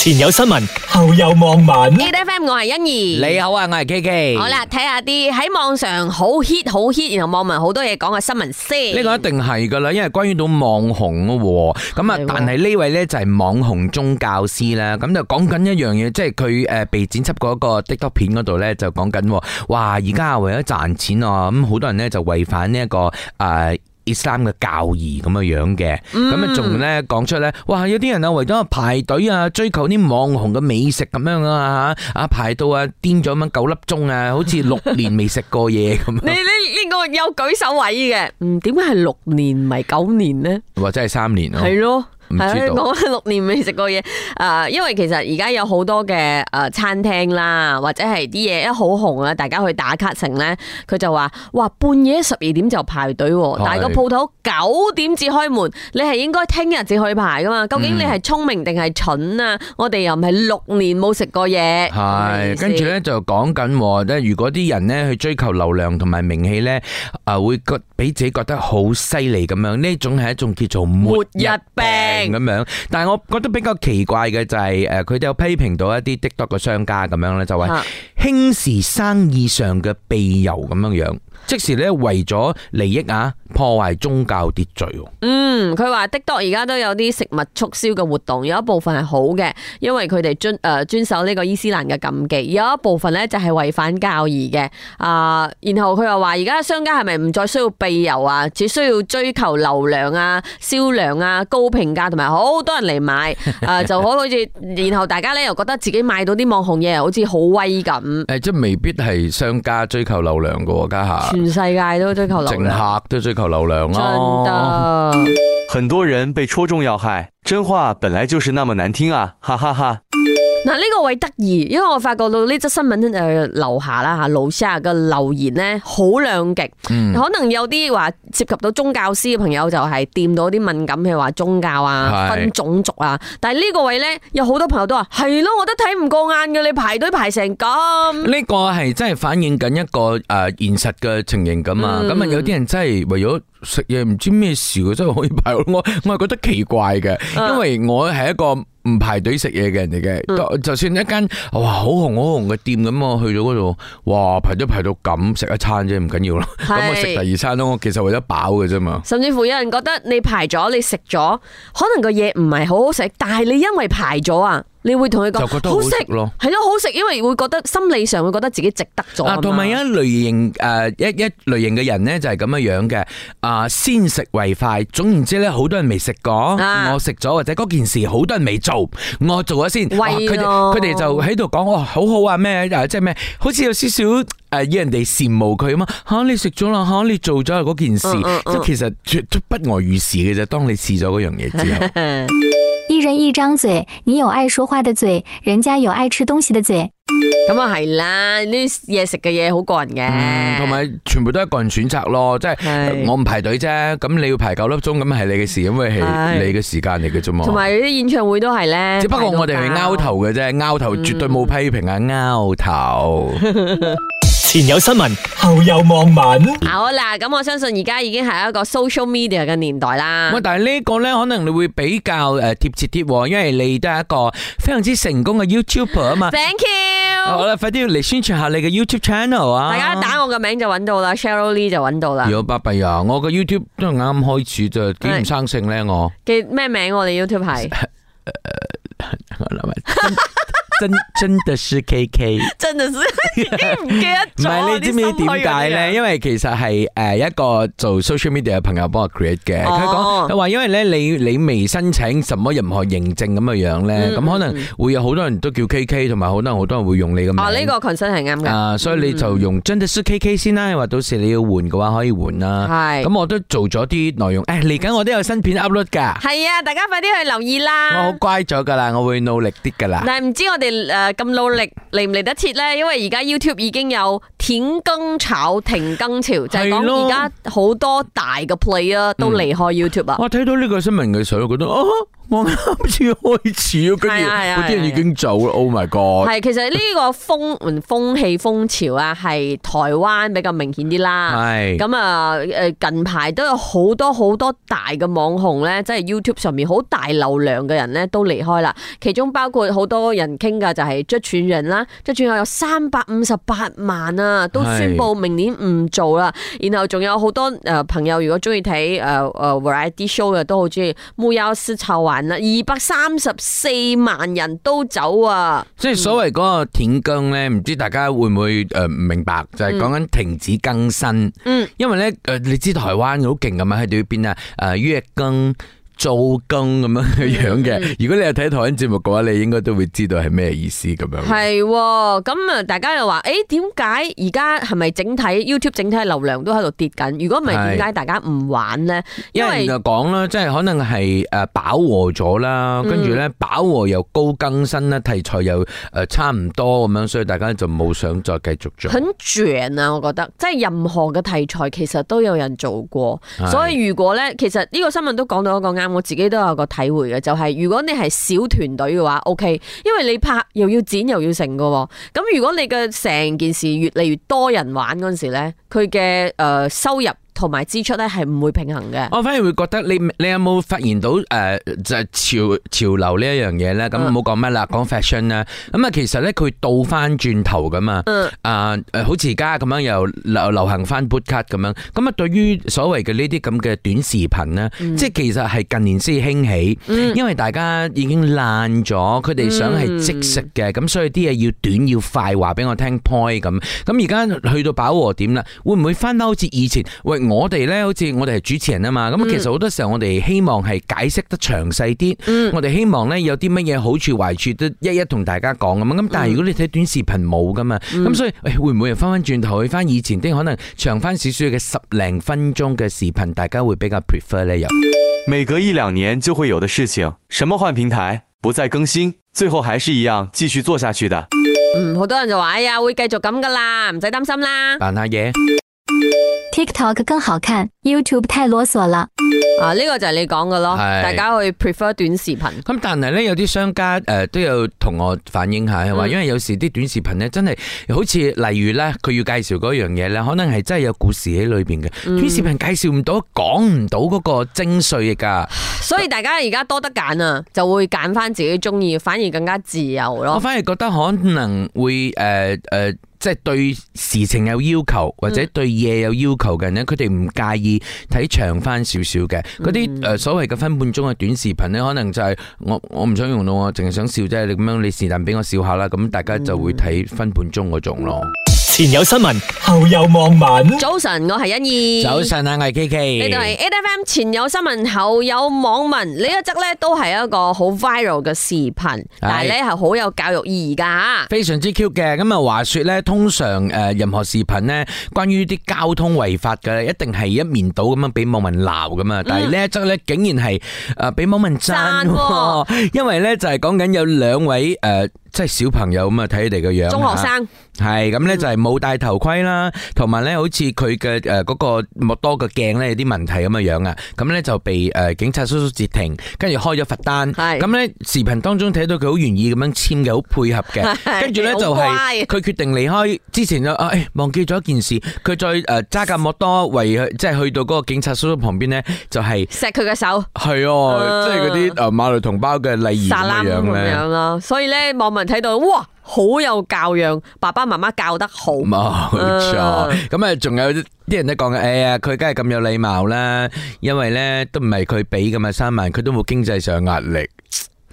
前有新聞，後有網民。A. F. M. 我係欣怡，你好啊，我係 K. K。好啦，睇下啲喺網上好 hit 好 hit 然後網民好多嘢講嘅新聞先。呢個一定係噶啦，因為關於到網紅咯。咁啊，但係呢位咧就係網紅宗教師啦。咁就講緊一樣嘢，即係佢誒被剪輯嗰個 TikTok 片嗰度咧，就講緊哇，而家為咗賺錢啊，咁好多人咧就違反呢、這、一個誒。呃三個教義咁嘅樣嘅，咁啊仲咧講出咧，哇有啲人啊為咗排隊啊追求啲網紅嘅美食咁樣啊吓，啊排到啊癲咗蚊九粒鐘啊，好似六年未食過嘢咁 樣。你呢呢、這個有舉手位嘅，嗯，點解係六年唔係九年呢？或者係三年咯？係咯。係講緊六年未食過嘢。誒、呃，因為其實而家有好多嘅誒、呃、餐廳啦，或者係啲嘢一好紅啊，大家去打卡成咧，佢就話，哇，半夜十二點就排隊啊，對 但係個鋪頭。九點至開門，你係應該聽日至去排噶嘛？究竟你係聰明定係蠢啊？嗯、我哋又唔係六年冇食過嘢。係是，跟住咧就講緊，即如果啲人呢去追求流量同埋名氣呢，啊、呃、會覺俾自己覺得好犀利咁樣，呢種係一種叫做末日病咁樣。但係我覺得比較奇怪嘅就係、是，誒、呃，佢哋有批評到一啲滴多嘅商家咁樣呢，就話輕視生意上嘅備油咁樣樣。即時咧為咗利益啊，破壞宗教秩序。嗯，佢話的確而家都有啲食物促銷嘅活動，有一部分係好嘅，因為佢哋遵誒遵、呃、守呢個伊斯蘭嘅禁忌。有一部分咧就係、是、違反教義嘅。啊、呃，然後佢又話而家商家係咪唔再需要庇佑啊，只需要追求流量啊、銷量啊、高評價同埋好多人嚟買。啊、呃、就好好似 然後大家咧又覺得自己買到啲網紅嘢，好似好威咁。誒、欸，即未必係商家追求流量㗎家下。全世界都追求流量，乘客都追求流量啊！真的，很多人被戳中要害，真話本來就是那麼難聽啊！哈哈哈。嗱，呢個位得意，因為我發覺到呢則新聞誒樓下啦吓，老師呀嘅留言咧好兩極，可能有啲話涉及到宗教師嘅朋友就係掂到啲敏感，譬如話宗教啊、分種族啊，但係呢個位咧有好多朋友都話係咯，我都睇唔過眼嘅，你排隊排成咁，呢個係真係反映緊一個誒現實嘅情形咁啊，咁啊有啲人真係為咗。食嘢唔知咩事，真係可以排我，我係覺得奇怪嘅，因為我係一個唔排隊食嘢嘅人嚟嘅，嗯、就算一間哇好紅好紅嘅店咁，我去咗嗰度，哇，排咗排到咁食一餐啫，唔緊要啦，咁是我食第二餐咯，我其實為咗飽嘅啫嘛。甚至乎有人覺得你排咗，你食咗，可能個嘢唔係好好食，但係你因為排咗啊。你會同佢講好食咯，係咯好食吃，因為會覺得心理上會覺得自己值得咗。同埋有一類型誒、呃，一一類型嘅人咧就係咁嘅樣嘅，啊、呃、先食為快。總言之咧，好多人未食過，啊、我食咗或者嗰件事，好多人未做，我做咗先。佢哋佢哋就喺度講哦，好好啊咩啊，即係咩，好似有少少誒，呃、要人哋羨慕佢啊嘛。吓，你食咗啦，吓、啊、你做咗嗰件事，即、嗯嗯嗯、其實絕不外如是嘅。就當你試咗嗰樣嘢之後。 一人一張嘴，你有愛說話的嘴，人家有愛吃東西的嘴。咁啊係啦，呢嘢食嘅嘢好個人嘅，同埋全部都係個人選擇咯，即係是、呃、我唔排隊啫。咁你要排九粒鐘，咁係你嘅事，因為係你嘅時間嚟嘅啫嘛。同埋啲演唱會都係咧，只不過我哋係拗頭嘅啫，拗頭絕對冇批評啊，拗、嗯、頭。 前有新聞，後有網民。好啦，咁我相信而家已經係一個 social media 嘅年代啦。喂，但係呢個咧，可能你會比較誒貼切啲，因為你都係一個非常之成功嘅 YouTuber 啊嘛。Thank you。好啦，快啲嚟宣傳下你嘅 YouTube channel 啊！大家打我個名就揾到啦，Cheryl Lee 就揾到啦。有巴閉啊！我個 YouTube 都係啱啱開始，就幾唔生性咧，我記咩名我哋 YouTube 係。哈哈哈！真真的是 K K，真的是，唔記得做啲新內容。唔係，你知唔知點解咧？因為其實係誒一個做 social media 嘅朋友幫我 create 嘅。佢講，佢話因為咧，你你未申請什麼任何認證咁嘅樣咧，咁可能會有好多人都叫 K K，同埋好多人好多人會用你個名。哦，呢個 concern 係啱嘅。啊，所以你就用真的是 K K 先啦。話到時你要換嘅話可以換啦。係。咁我都做咗啲內容。誒，嚟緊我都有新片 upload 噶。係啊，大家快啲去留意啦。我好乖咗噶啦，我會努力啲噶啦。但係唔知我哋。誒，咁努力嚟唔嚟得切咧？因為而家 YouTube 已經有舔更炒停更潮，的就係講而家好多大嘅 play 啊都離開 YouTube 啊！我睇、嗯嗯、到呢個新聞嘅時候，覺得啊，我啱先開始，跟住啲人已經走啦！Oh my god！係，其實呢個風風氣風潮啊，係台灣比較明顯啲啦。係咁啊，誒，近排都有好多好多大嘅網紅咧，即、就、係、是、YouTube 上面好大流量嘅人咧，都離開啦。其中包括好多人傾。就係這群人啦，這群人有三百五十八萬啊，都宣布明年唔做啦。是 然後仲有好多誒、呃、朋友，如果中意睇誒誒 Variety Show 嘅都好中意。木曜4超玩啦，二百三十四萬人都走啊！即係所謂嗰個斷更咧，唔知大家會唔會誒唔、呃、明白？就係講緊停止更新。嗯，嗯因為咧誒，你知台灣好勁嘅嘛，喺對邊啊？誒、呃、月更。做更咁樣嘅、嗯、如果你係睇台灣節目嘅話，你應該都會知道係咩意思咁樣。係、哦，咁啊，大家又話，誒、欸，「點解而家係咪整體 YouTube 整體流量都喺度跌緊？如果唔係點解大家唔玩呢？」因為講啦，即係可能係誒飽和咗啦，跟住咧飽和又高更新啦，題材又誒差唔多咁樣，所以大家就冇想再繼續做。很卷啊，我覺得，即係任何嘅題材其實都有人做過，是所以如果咧，其實呢個新聞都講到一個啱。我自己都有個體會嘅，就係如果你係小團隊嘅話，OK，因為你拍又要剪又要成嘅，咁如果你嘅成件事越嚟越多人玩陣時咧，佢嘅誒收入，同埋支出咧，係唔會平衡嘅。我反而會覺得你你有冇發現到誒就係潮潮流呢一樣嘢咧？咁冇講咩啦，講 fashion 啦。咁啊，其實咧佢倒翻轉頭噶嘛。嗯。啊誒，好似而家咁樣又流流行翻 boot cut 咁樣。咁啊，對於所謂嘅呢啲咁嘅短視頻咧，即係其實係近年先興起，因為大家已經爛咗，佢哋想係即食嘅，咁所以啲嘢要短要快。話俾我聽，point 咁。咁而家去到飽和點啦，會唔會翻得好似以前？喂！我哋咧，好似我哋係主持人啊嘛，咁其實好多時候我哋希望係解釋得詳細啲，嗯、我哋希望咧有啲乜嘢好處壞處都一一同大家講咁樣，咁但係如果你睇短視頻冇噶嘛，咁、嗯、所以會唔會又翻翻轉頭去翻以前啲可能長翻少少嘅十零分鐘嘅視頻，大家會比較 prefer 咧？又每隔一兩年就會有的事情，什麼換平台不再更新，最後還是一樣繼續做下去的。嗯，好多人就話，哎呀，會繼續咁噶啦，唔使擔心啦。扮下嘢。TikTok 更好看，YouTube 太囉嗦啦。啊，呢、這個就係你講嘅咯，是大家去 prefer 短視頻。咁但係呢，有啲商家誒、呃、都有同我反映下，話、嗯、因為有時啲短視頻咧真係好似例如呢，佢要介紹嗰樣嘢呢，可能係真係有故事喺裏邊嘅。嗯、短視頻介紹唔到，講唔到嗰個精髓噶。所以大家而家多得揀啊，就會揀返自己中意反而更加自由咯。我反而覺得可能會誒誒。呃呃即係對事情有要求或者對嘢有要求嘅人咧，佢哋唔介意睇長翻少少嘅嗰啲誒所謂嘅分半鐘嘅短視頻咧，可能就係我我唔想用到我淨係想笑啫，你咁樣你是但俾我笑下啦，咁大家就會睇分半鐘嗰種咯。嗯嗯嗯前有新聞，後有網民。早晨，我係欣怡。早晨啊，我係 KK。呢度係 A F M。前有新聞，後有網民。呢一則咧都係一個好 viral 嘅視頻，但係咧係好有教育意義噶吓。非常之 Q 嘅。咁啊，話說咧，通常誒任何視頻咧，關於啲交通違法嘅，一定係一面倒咁樣俾網民鬧噶嘛。但係呢一則咧，竟然係誒俾網民讚，因為咧就係講緊有兩位誒。即係小朋友咁啊，睇佢哋個樣。中學生係咁咧，就係冇戴頭盔啦，同埋咧，好似佢嘅誒嗰個莫多嘅鏡咧有啲問題咁嘅樣啊，咁咧就被誒警察叔叔截停，跟住開咗罰單。係咁咧，視頻當中睇到佢好願意咁樣簽嘅，好配合嘅。跟住咧就係佢決定離開之前就，啊，忘記咗一件事，佢再誒揸架莫多為即係去到嗰個警察叔叔旁邊咧，就係錫佢嘅手。係哦，即係嗰啲誒馬來同胞嘅禮儀咁樣咧，所以咧網民。睇到哇，好有教養，爸爸媽媽教得好，冇錯錯。咁啊、嗯，仲有啲人都講嘅，哎呀，佢梗係咁有禮貌啦，因為咧都唔係佢俾噶嘛，三萬佢都冇經濟上壓力。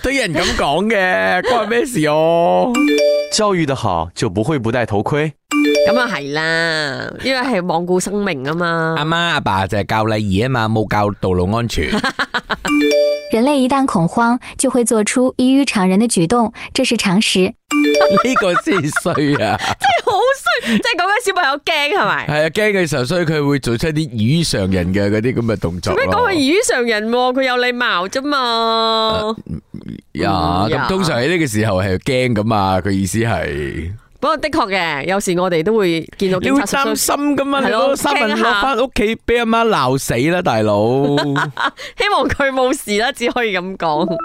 都有人咁講嘅， 關咩事哦、啊？ 教育得好，就不會不戴頭盔。咁、嗯嗯嗯嗯嗯、啊係啦，因為係罔顧生命啊嘛。阿媽阿爸就係教你嘢啊嘛，冇教道路安全。 人類一旦恐慌，就會做出異於常人的舉動，這是常識。呢 個先衰啊！真好。即係講緊小朋友驚係咪？係 啊，驚嘅時候，所以佢會做出一啲異常人嘅嗰啲咁嘅動作。做咩講佢異常人？佢有禮貌啫嘛。呀、uh, yeah, 嗯，咁通常喺呢個時候係驚咁啊，佢意思係。不過的確嘅，有時我哋都會見到警察擔心噶嘛。係咯，三文嗰翻屋企俾阿媽鬧死啦，大佬。 希望佢冇事啦，只可以咁講。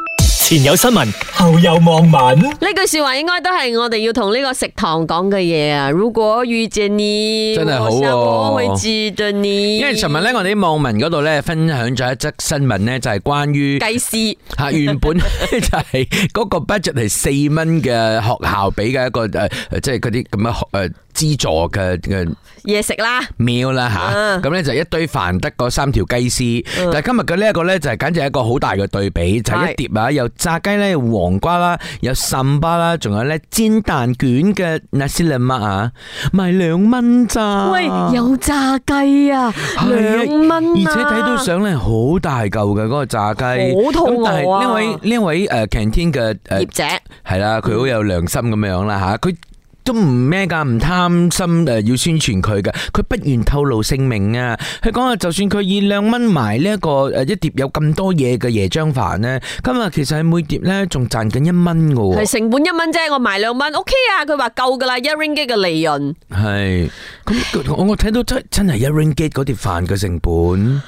前有新聞，後有網民。呢句說話應該都係我哋要同呢個食堂講嘅嘢啊！如果遇見你，真係好啊！我會知道你。因為尋日咧，我哋啲網民嗰度咧，分享咗一則新聞咧，就係關於雞絲吓，原本就係嗰個 budget 係四蚊嘅學校俾嘅一個誒，即係嗰啲咁樣誒資助嘅嘅嘢食啦，meal 啦吓。咁咧就一堆飯得嗰三條雞絲，但係今日嘅呢一個咧就係簡直係一個好大嘅對比，就係一碟啊有，炸雞咧，黃瓜啦，有什巴啦，仲有咧煎蛋卷嘅那斯列瑪啊，賣兩蚊咋？喂，有炸雞啊，兩蚊、啊哎、而且睇到相咧，好大嚿嘅嗰個炸雞，好痛我啊！呢位呢位誒，canteen 嘅業者係啦，佢好有良心咁樣啦吓，佢、啊。都唔咩噶，唔貪心誒，要宣傳佢嘅，佢不願透露姓名啊。佢講啊，就算佢以兩蚊賣呢一個誒一碟有咁多嘢嘅椰漿飯咧，今日其實係每碟咧仲賺緊一蚊嘅喎。係成本一蚊啫，我賣兩蚊，OK 啊。佢話夠噶啦，一 ringgit 嘅利潤。係咁，我我睇到真真係一 ringgit 嗰碟飯嘅成本。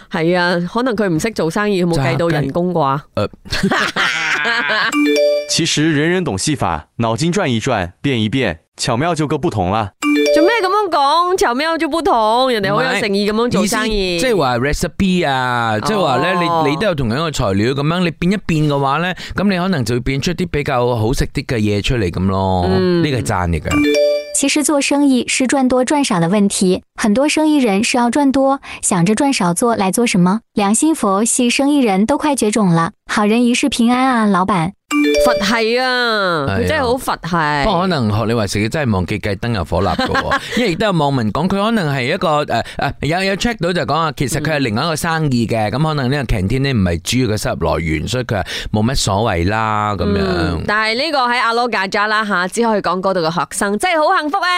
係啊，可能佢唔識做生意，冇計到人工啩。 其實人人懂戲法，腦筋轉一轉，變一變，巧妙就各不同啦。做咩咁樣講，巧妙就不同，人哋好有誠意咁樣做生意。即係話 recipe 啊，即係話咧，你你都有同樣嘅材料咁樣，你變一變嘅話咧，咁你可能就會變出啲比較好食啲嘅嘢出嚟咁咯。呢、嗯、個係讚嚟噶。其實做生意是賺多賺少的問題，很多生意人是要賺多，想着賺少做來做什麼？良心佛系生意人都快絕種啦。好人一世平安啊，老闆，佛系啊，佢真係好佛系。不過、哎、呀可能學你話事真係忘記計燈油火蠟嘅。 因為亦都有網民講，佢可能係一個誒誒、呃呃、有有 check 到就講啊，其實佢係另外一個生意嘅，咁、嗯、可能呢個 canteen 咧唔係主要嘅收入來源，所以佢冇乜所謂啦咁樣。嗯、但係呢個喺阿羅加扎啦吓、啊，只可以講嗰度嘅學生真係好幸福啊！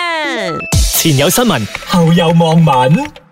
前有新聞，後有網民。